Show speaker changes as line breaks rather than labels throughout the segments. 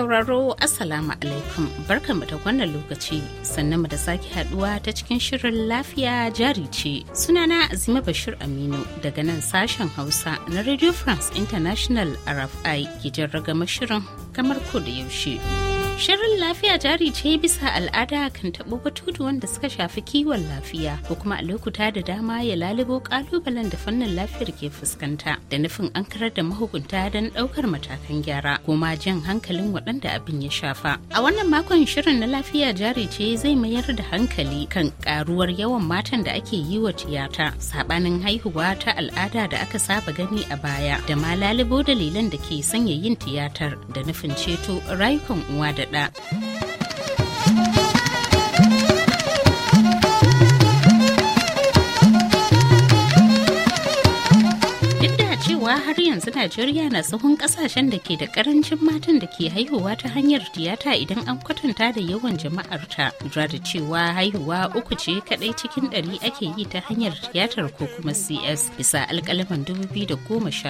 sauraro Assalamu alaikum barkanmu da wannan lokaci sannan mu da sake haduwa ta cikin shirin lafiya jari ce sunana Azima Bashir Aminu daga nan sashen Hausa na Radio France International RFI ke jan ragama shirin kamar ko da yaushe. Shirin lafiya jari ce bisa al'ada kan taɓo batutuwan da suka shafi kiwon lafiya ko kuma a lokuta da dama ya lalibo ƙalubalen da fannin lafiyar ke fuskanta da nufin an karar da mahukunta don ɗaukar matakan gyara ma jan hankalin waɗanda abin ya shafa. A wannan makon shirin na lafiya jari ce zai mayar da hankali kan ƙaruwar yawan matan da ake yi wa tiyata saɓanin haihuwa ta al'ada da aka saba gani a baya da ma lalibo dalilan da ke sanya yin tiyatar da nufin ceto rayukan uwa da shimfiɗa. har yanzu Najeriya na tsohon kasashen da ke da karancin matan da ke haihuwa ta hanyar tiyata idan an kwatanta da yawan jama'arta. Lura da cewa haihuwa uku ce kadai cikin ɗari ake yi ta hanyar tiyatar ko kuma CS bisa alkalaman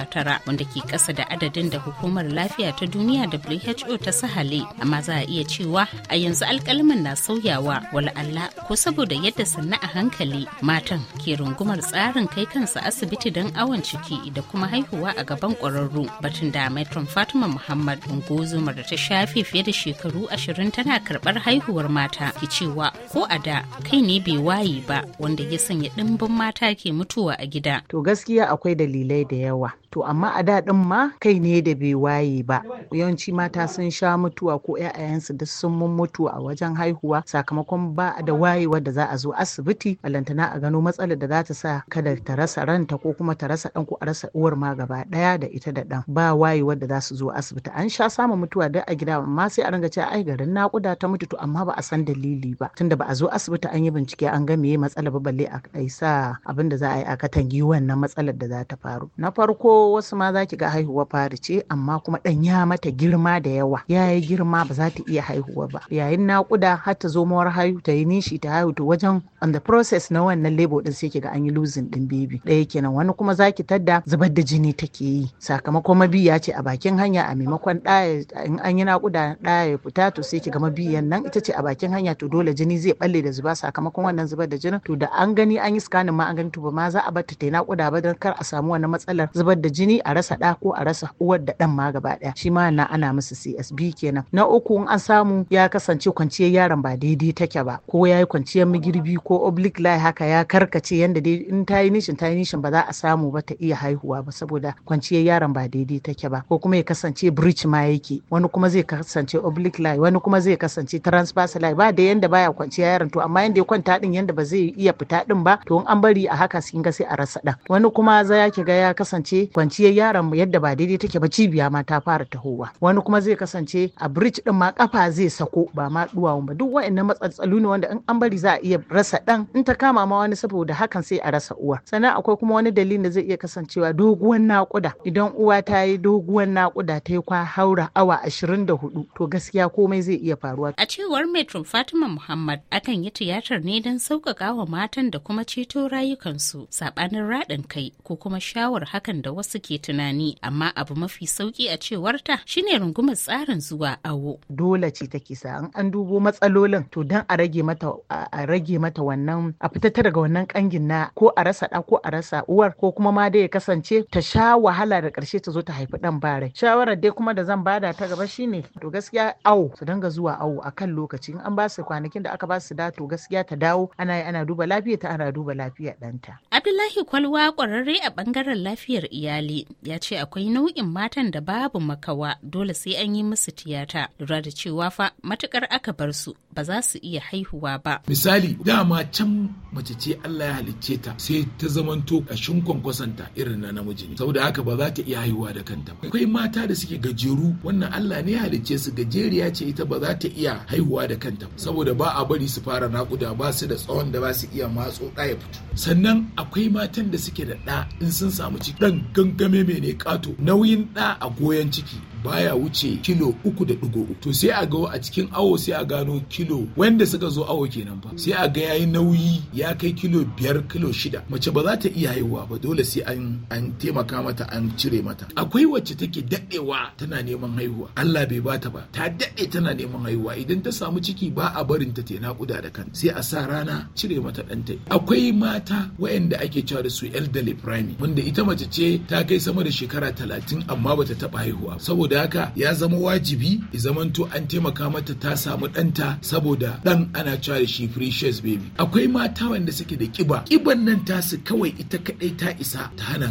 tara wanda ke ƙasa da adadin da hukumar lafiya ta duniya WHO ta sahale amma za a iya cewa a yanzu alkalaman na sauyawa wala Allah ko saboda yadda sanna a hankali matan ke rungumar tsarin kai kansa asibiti don awon ciki da kuma haihuwa a gaban ƙwararru batun da tun fatima muhammad ungozumar da ta shafe fiye da shekaru ashirin tana karɓar haihuwar mata ki cewa ko a da kai ne bai waye ba wanda ya sanya ɗimbin mata ke mutuwa a gida to
gaskiya akwai dalilai da yawa to amma a daɗin ma kai ne da bai waye ba yawanci mata sun sha mutuwa ko 'ya'yansu duk sun mun mutu a wajen haihuwa sakamakon ba da wayewa da za a zo asibiti lantana a gano matsalar da za ta sa kada ta rasa ranta ko kuma ta rasa ɗan ko a rasa uwar ma gaba ɗaya da ita da ɗan ba wayewa da za su zo asibiti an sha samun mutuwa da a gida amma sai a ranga cewa ai garin nakuda ta mutu to amma ba a san dalili ba tunda ba a zo asibiti an yi bincike an ga meye matsalar ba balle a ɗaisa abin da za a yi a katangi wannan matsalar da za ta faru na farko wasu ma za ki ga haihuwa fari ce amma kuma ɗan ya mata girma da yawa ya yi girma ba za ta iya haihuwa ba yayin naƙuda har ta zo mawar haihu ta yi nishi ta haihu ta wajen on the process na wannan labor din sai ki ga an yi losing din baby ɗaya kenan wani kuma za ki tadda zubar da jini take yi sakamakon mabiya ce a bakin hanya a maimakon ɗaya in an yi ɗaya ya fita to sai ki ga mabiyan nan ita ce a bakin hanya to dole jini zai balle da zuba sakamakon wannan zubar da jini to da an gani an yi scanning ma an gani to ba ma za a bar ta ta yi nakuda ba don kar a samu wani matsalar zubar da jini a rasa ɗa ko a rasa uwar da ɗan ma gaba ɗaya shi ma na ana musu CSB kenan na uku an samu ya kasance kwanciyar yaron ba daidai take ba ko ya yi kwanciyar magirbi ko oblique lie haka ya karkace yanda dai in ta yi nishin ta yi nishin ba za a samu ba ta iya haihuwa ba saboda kwanciyar yaron ba daidai take ba ko kuma ya kasance breach ma yake wani kuma zai kasance oblique lie wani kuma zai kasance transverse lie ba da yanda baya kwanciyar yaron to amma yanda ya kwanta din yanda ba zai iya fita din ba to in an bari a haka sun ga sai a rasa ɗan wani kuma za ya ga ya kasance kwanciyar yaron yadda ba daidai take ba cibiya ma ta fara tahowa wani kuma zai kasance a bridge din ma kafa zai sako ba ma duwawun ba duk wa'annan matsatsalu ne wanda in an bari za a iya rasa dan in ta kama ma wani saboda hakan sai a rasa uwa sannan akwai kuma wani dalilin da zai iya kasancewa doguwar nakuda idan uwa ta yi doguwan nakuda ta yi kwa haura awa 24 to gaskiya komai zai iya faruwa
a cewar metro fatima muhammad akan yi tiyatar ne don sauƙaƙa wa matan da kuma ceto rayukansu saɓanin raɗin kai ko kuma shawar hakan da wasu suke tunani amma abu mafi sauki a cewarta shine rungumar tsarin zuwa
awo. Dole ce take sa in an dubo matsalolin to dan a rage mata a rage mata wannan a fita ta daga wannan kangin na ko a rasa ɗa ko a rasa uwar ko kuma ma dai ya kasance ta sha wahala da karshe ta zo ta haifi ɗan bare. Shawarar dai kuma da zan bada ta gaba shine to gaskiya awo su dinga zuwa awo akan lokaci in an ba su kwanakin da aka ba su da to gaskiya ta dawo ana ana duba lafiya ta ana duba lafiya ɗanta.
Abdullahi Kwalwa ƙwararre a bangaren lafiyar iyali ya ce akwai nau'in matan da babu makawa dole sai an yi musu tiyata lura da cewa fa matukar aka bar su ba za su iya haihuwa ba.
Misali dama can mace ce Allah ya halicce ta sai ta zamanto ƙashin kwankwasanta irin na namiji ne saboda haka ba za ta iya haihuwa da kanta ba. Akwai mata da suke gajeru wannan Allah ne ya halicce su gajeriya ce ita ba za ta iya haihuwa da kanta ba saboda ba a bari su fara naƙuda ba su da tsawon da ba su iya matso ɗa ya fito. Sannan akwai matan da suke da ɗa in sun samu ciki ɗan gangame mai ne ƙato nauyin ɗa a goyon ciki baya wuce kilo uku da ɗigo to sai a ga a cikin awo sai a gano kilo kilo wanda suka zo awo kenan fa sai a ga yayi nauyi ya kai kilo biyar kilo shida mace ba za ta iya haihuwa ba dole sai an an taimaka mata an cire mata akwai wacce take daɗewa tana neman haihuwa Allah bai bata ba ta daɗe tana neman haihuwa idan ta samu ciki ba a barin ta ta nakuda da kan sai a sa rana cire mata ta. akwai mata wayanda ake cewa da su elderly prime wanda ita mace ce ta kai sama da shekara talatin amma bata taba haihuwa saboda haka ya zama wajibi zamanto an taimaka mata ta samu danta saboda dan ana cewa da shi precious baby akwai mata wanda suke da kiba kiban nan ta tasu kawai ita kadai ta isa ta hana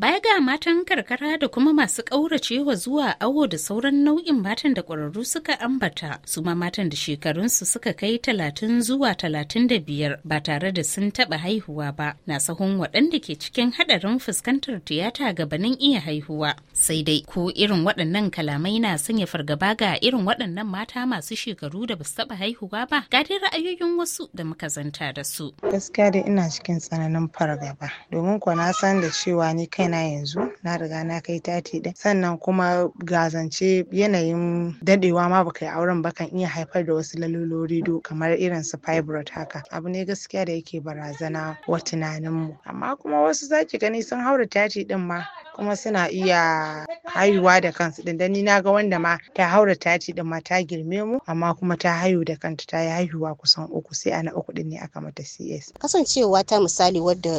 baya
ga matan karkara da kuma masu kauracewa zuwa awo da sauran nau'in matan da kwararru suka ambata su ma matan da shekarunsu suka kai talatin zuwa talatin da biyar ba tare da sun taba haihuwa ba na sahun waɗanda ke cikin haɗarin fuskantar tiyata gabanin iya haihuwa sai dai ko irin waɗannan kalamai na sanya fargaba ga irin waɗannan mata masu shekaru da su taɓa ba haihuwa ba ga dai ra'ayoyin wasu da muka zanta da
su gaskiya da ina cikin tsananin fargaba domin ko na san da cewa ni kaina yanzu na riga na kai tati ɗin sannan kuma gazance yanayin dadewa ma baka yi auren ba kan iya haifar da wasu lalolori do kamar irin su fibroid haka abu ne gaskiya da yake barazana wa mu amma kuma wasu zaki gani sun haura tati ɗin ma kuma suna iya haihuwa da kansu din ni na ga wanda ma ta haura tati din ma ta girme mu amma kuma ta haihu da kanta ta yi haihuwa kusan uku sai ana uku din ne aka mata cs
kasancewa ta misali wadda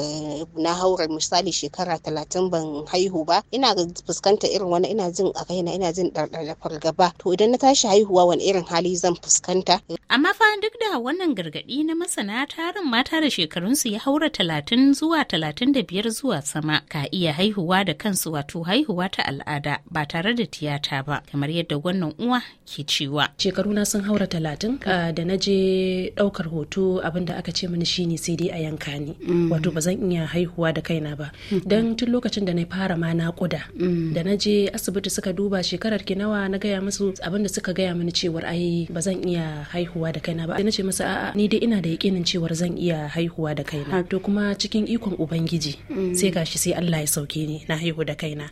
na haura misali shekara talatin ban haihu ba ina fuskanta irin wani ina jin a kaina ina jin ɗarɗar da fargaba to idan na tashi haihuwa wani irin hali zan fuskanta amma fa duk da wannan gargaɗi na masana tarin mata da shekarunsu ya haura talatin zuwa talatin da biyar zuwa sama ka iya haihuwa da kansu wato haihuwa ta al'ada ba tare da tiyata ba kamar yadda wannan uwa ke
cewa shekaruna sun haura talatin da na je daukar hoto abinda aka ce mini shine sai dai a yanka ni mm. wato ba zan iya haihuwa da kaina ba mm. dan tun lokacin da na fara ma kuda. Mm. da na je asibiti suka duba shekarar ki nawa na gaya musu abinda suka gaya mini cewar ai ba zan iya haihuwa da kaina ba na ce masa a'a ni dai ina da yakinin cewar zan iya haihuwa da kaina to kuma cikin ikon ubangiji sai gashi sai Allah ya sauke ni na haihu da kaina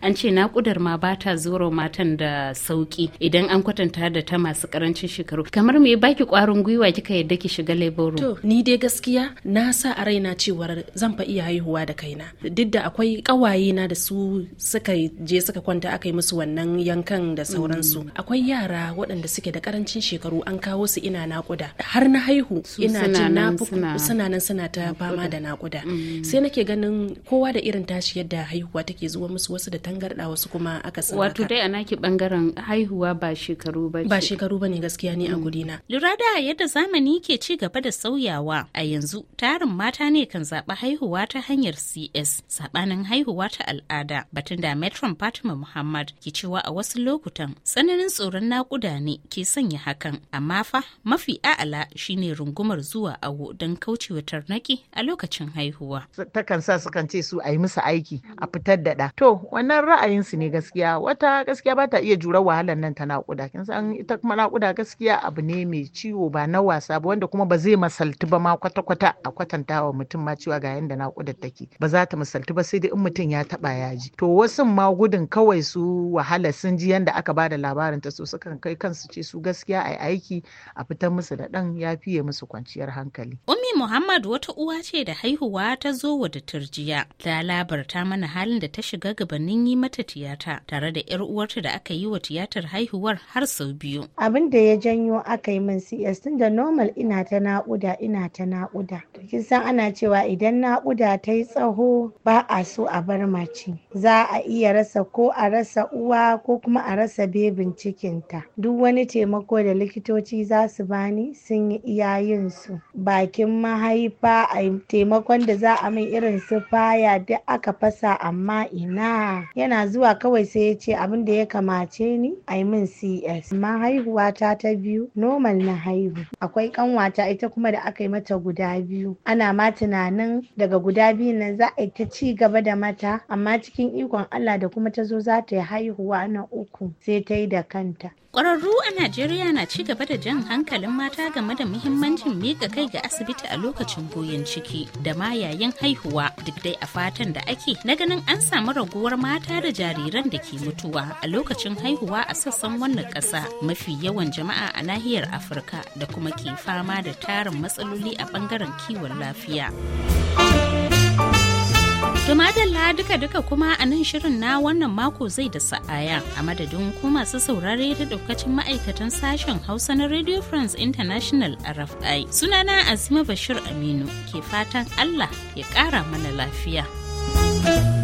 an ce na kudar ma ba ta zuro matan da sauki idan an kwatanta da ta masu karancin shekaru kamar me baki kwarin gwiwa kika yadda ki shiga labor to
ni dai gaskiya na sa a raina cewar zan fa iya haihuwa da kaina duk da akwai kawaye na da su suka je suka kwanta aka musu wannan yankan da sauransu mm. akwai yara waɗanda suke da karancin shekaru an kawo su ina nakuda har na haihu ina jin na suna nan suna ta fama da nakuda mm. sai nake ganin kowa da irin tashi yadda haihuwa take zuwa musu wasu da tangarda wasu kuma aka san wato dai ana naki bangaren haihuwa ba shekaru ba ba shekaru bane gaskiya ne a mm. guri na
lura da yadda zamani ke ci gaba da sauyawa a yanzu tarin mata ne kan zaɓi haihuwa ta hanyar cs saɓanin haihuwa ta al'ada batun da metron fatima muhammad ke cewa a wasu lokutan tsananin tsoron naƙuda ne ke sanya hakan amma fa mafi a'ala shine rungumar zuwa awo don
kaucewa tarnaki a lokacin haihuwa takan sa su kan ce su a yi musu aiki a fitar da ɗa to wannan ra'ayinsu ne gaskiya wata gaskiya ba ta iya jura wahalar nan ta naƙuda kin san ita kuma naƙuda gaskiya abu ne mai ciwo ba na wasa ba wanda kuma ba zai masaltu ba ma kwata-kwata a kwatanta wa mutum ma cewa ga yanda naƙudar take ba za ta masaltu ba sai dai in mutum ya taɓa ya ji to wasu ma gudun kawai su wahala sun ji yanda aka ba da labarin ta so sukan kai kansu ce su gaskiya a aiki a fitar musu da ɗan ya fiye musu kwanciyar hankali.
Ummi Muhammad wata uwa ce da haihuwa ta zo wa da turjiya ta labarta mana halin da ta shiga gabanin yi mata tiyata tare da 'yar uwarta da aka yi wa tiyatar haihuwar har sau biyu.
Abin da ya janyo aka yi min cs tun da normal ina ta naƙuda ina ta naƙuda to kin san ana cewa idan naƙuda ta yi tsaho ba a so a bar mace za a iya rasa ko a rasa uwa ko kuma a rasa bebin cikinta duk wani taimako da likitoci za su bani sun yi yin su bakin mahaifa a taimakon da za a min irin su faya duk aka fasa amma ina yana zuwa kawai sai ya ce abin da ya kamace ni a yi min cs amma haihuwata ta biyu normal na haihu akwai ƙanwata ita kuma da aka yi mata guda biyu ana ma tunanin daga guda biyu nan za a yi ta ci gaba da mata amma cikin ikon Allah da kuma ta zo za ta yi haihuwa na uku sai tayi da kanta
kwararru a Najeriya na ci gaba da jan hankalin mata game da muhimmancin miƙa kai ga asibiti a lokacin goyon ciki da ma yayin haihuwa duk dai a fatan da ake na ganin an samu raguwar mata da jariran da ke mutuwa a lokacin haihuwa a sassan wannan ƙasa mafi yawan jama'a a nahiyar Afirka da kuma ke fama da tarin matsaloli a ɓangaren kiwon lafiya. To madalla duka-duka kuma a nan shirin na wannan mako zai da sa'aya a madadin ku masu saurare da daukacin ma'aikatan sashen Hausa na Radio France International RFI. Sunana Azima Bashir
Aminu ke fatan Allah ya ƙara mana lafiya. thank you